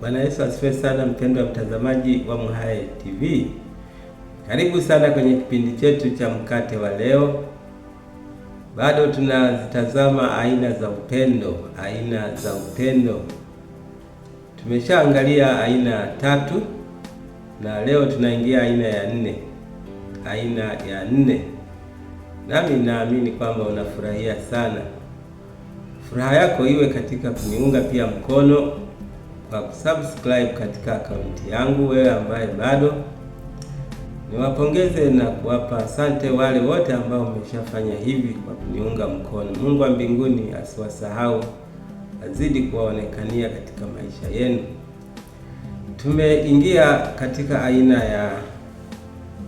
Bwana Yesu asifiwe sana, wa mtazamaji wa MHAE TV, karibu sana kwenye kipindi chetu cha mkate wa leo. Bado tunazitazama aina za upendo, aina za upendo. Tumeshaangalia aina tatu na leo tunaingia aina ya nne, aina ya nne. Nami naamini kwamba unafurahia sana, furaha yako iwe katika kuniunga pia mkono na kusubscribe katika akaunti yangu. Wewe ambaye bado, niwapongeze na kuwapa asante wale wote ambao wameshafanya hivi kwa kuniunga mkono. Mungu wa mbinguni asiwasahau, azidi kuwaonekania katika maisha yenu. Tumeingia katika aina ya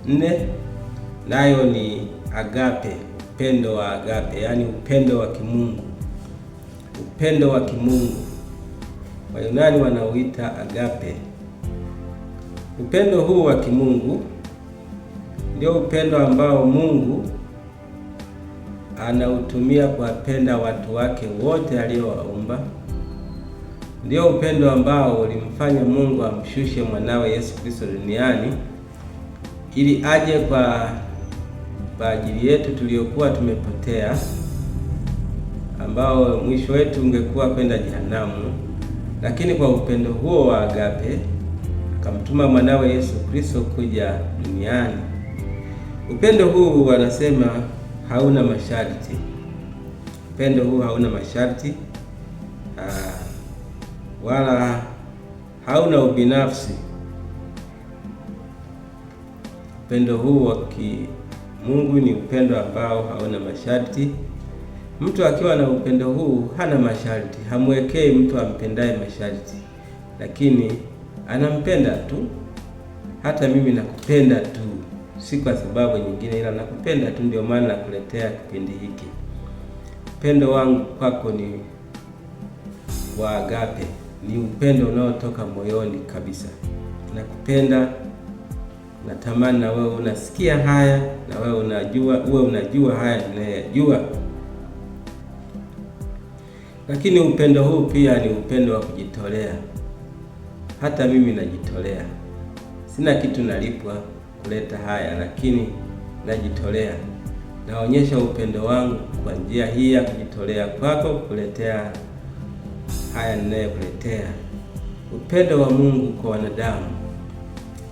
nne, nayo ni agape, upendo wa agape, yaani upendo wa kimungu, upendo wa kimungu Wayunani wanauita agape. Upendo huu wa kimungu ndio upendo ambao Mungu anautumia kuwapenda watu wake wote aliowaumba. Ndio upendo ambao ulimfanya Mungu amshushe mwanawe Yesu Kristo duniani ili aje kwa kwa ajili yetu tuliokuwa tumepotea, ambao mwisho wetu ungekuwa kwenda jehanamu. Lakini kwa upendo huo wa agape akamtuma mwanawe Yesu Kristo kuja duniani. Upendo huu wanasema hauna masharti. Upendo huu hauna masharti aa, ah, wala hauna ubinafsi. Upendo huu wa kimungu ni upendo ambao hauna masharti. Mtu akiwa na upendo huu hana masharti, hamwekei mtu ampendaye masharti, lakini anampenda tu. Hata mimi nakupenda tu, si kwa sababu nyingine, ila nakupenda tu, ndio maana nakuletea kipindi hiki. Upendo wangu kwako ni wa agape, ni upendo unaotoka moyoni kabisa. Nakupenda, natamani na wewe unasikia haya, na wewe unajua, uwe unajua haya ninayoyajua. Lakini upendo huu pia ni upendo wa kujitolea. Hata mimi najitolea, sina kitu nalipwa kuleta haya, lakini najitolea, naonyesha upendo wangu kwa njia hii ya kujitolea kwako, kuletea haya ninayokuletea. Upendo wa Mungu kwa wanadamu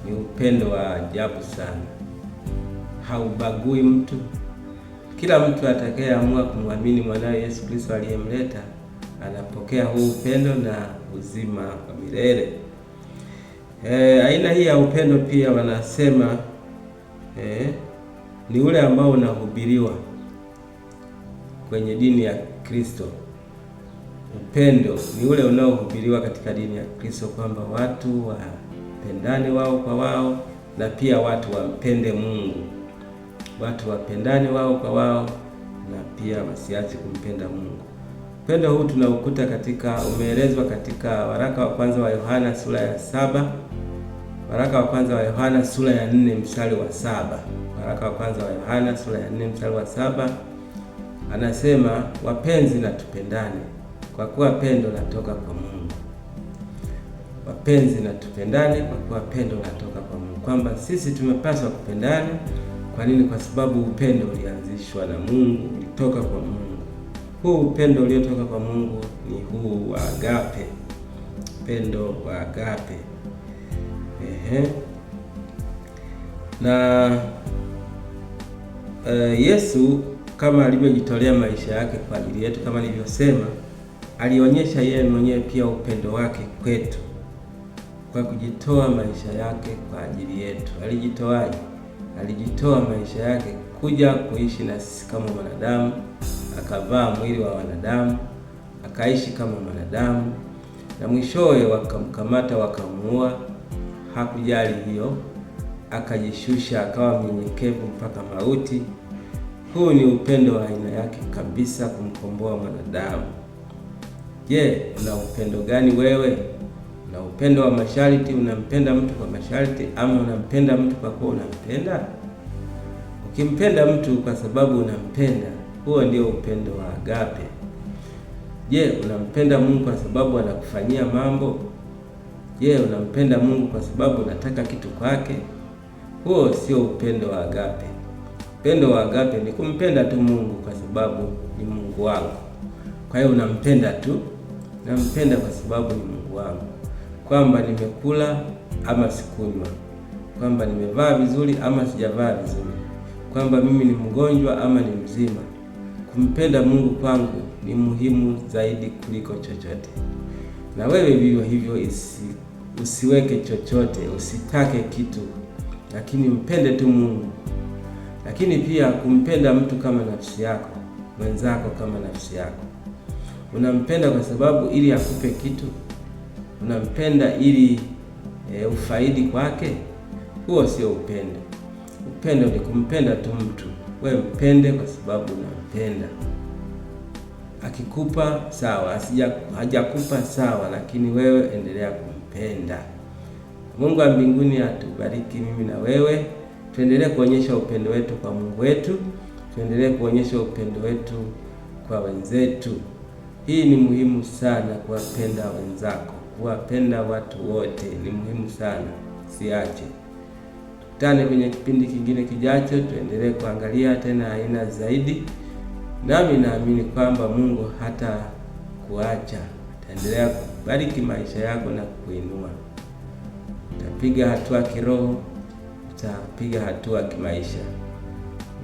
ni upendo wa ajabu sana, haubagui mtu. Kila mtu atakayeamua kumwamini mwanawe Yesu Kristo aliyemleta anapokea huu upendo na uzima wa milele. E, aina hii ya upendo pia wanasema e, ni ule ambao unahubiriwa kwenye dini ya Kristo. Upendo ni ule unaohubiriwa katika dini ya Kristo kwamba watu wapendane wao kwa wao na pia watu wampende Mungu. Watu wapendane wao kwa wao na pia wasiache kumpenda Mungu. Upendo huu tunaukuta katika, umeelezwa katika waraka wa kwanza wa Yohana sura ya saba waraka wa kwanza wa Yohana sura ya nne mstari wa saba waraka wa kwanza wa Yohana sura ya nne mstari wa saba anasema, wapenzi, na tupendane kwa kuwa pendo latoka kwa Mungu. Wapenzi, na tupendane kwa kuwa pendo latoka kwa Mungu, kwamba sisi tumepaswa kupendana. Kwa nini? Kwa sababu upendo ulianzishwa na Mungu, ulitoka kwa Mungu. Huu upendo uliotoka kwa Mungu ni huu wa agape, upendo wa agape. Ehe. Na uh, Yesu kama alivyojitolea maisha yake kwa ajili yetu, kama nilivyosema, alionyesha yeye mwenyewe pia upendo wake kwetu kwa kujitoa maisha yake kwa ajili yetu. Alijitoaje? Alijitoa maisha yake kuja kuishi na sisi kama mwanadamu akavaa mwili wa wanadamu, akaishi kama mwanadamu, na mwishowe wakamkamata, wakamuua. Hakujali hiyo, akajishusha akawa mnyenyekevu mpaka mauti. Huu ni upendo wa aina yake kabisa, kumkomboa mwanadamu. Je, una upendo gani wewe? Na upendo wa masharti? Unampenda mtu kwa masharti ama unampenda mtu kwa kuwa unampenda? Ukimpenda mtu kwa sababu unampenda huo ndio upendo wa agape. Je, unampenda Mungu kwa sababu anakufanyia mambo? Je, unampenda Mungu kwa sababu unataka kitu kwake? Huo sio upendo wa agape. Upendo wa agape ni kumpenda tu Mungu kwa sababu ni Mungu wangu. Kwa hiyo unampenda tu, nampenda kwa sababu ni Mungu wangu, kwamba nimekula ama sikunywa, kwamba nimevaa vizuri ama sijavaa vizuri, kwamba mimi ni mgonjwa ama ni mzima Kumpenda Mungu kwangu ni muhimu zaidi kuliko chochote. Na wewe vivyo hivyo, isi, usiweke chochote, usitake kitu, lakini mpende tu Mungu. Lakini pia kumpenda mtu kama nafsi yako, mwenzako kama nafsi yako. Unampenda kwa sababu ili akupe kitu, unampenda ili e, ufaidi kwake. Huo sio upendo. Upendo ni kumpenda tu mtu wewe mpende kwa sababu unampenda. Akikupa sawa, hajakupa sawa, lakini wewe endelea kumpenda. Mungu wa mbinguni atubariki mimi na wewe, tuendelee kuonyesha upendo wetu kwa Mungu wetu, tuendelee kuonyesha upendo wetu kwa wenzetu. Hii ni muhimu sana, kuwapenda wenzako, kuwapenda watu wote ni muhimu sana, siache tukutane kwenye kipindi kingine kijacho, tuendelee kuangalia tena aina zaidi, nami naamini kwamba Mungu hata kuacha ataendelea kubariki maisha yako na kukuinua. Utapiga hatua kiroho, utapiga hatua kimaisha.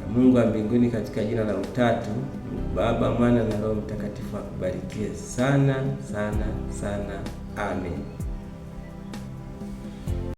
Na Mungu wa mbinguni katika jina la Utatu, Baba, Mwana na Roho Mtakatifu akubarikie sana sana sana. Amen.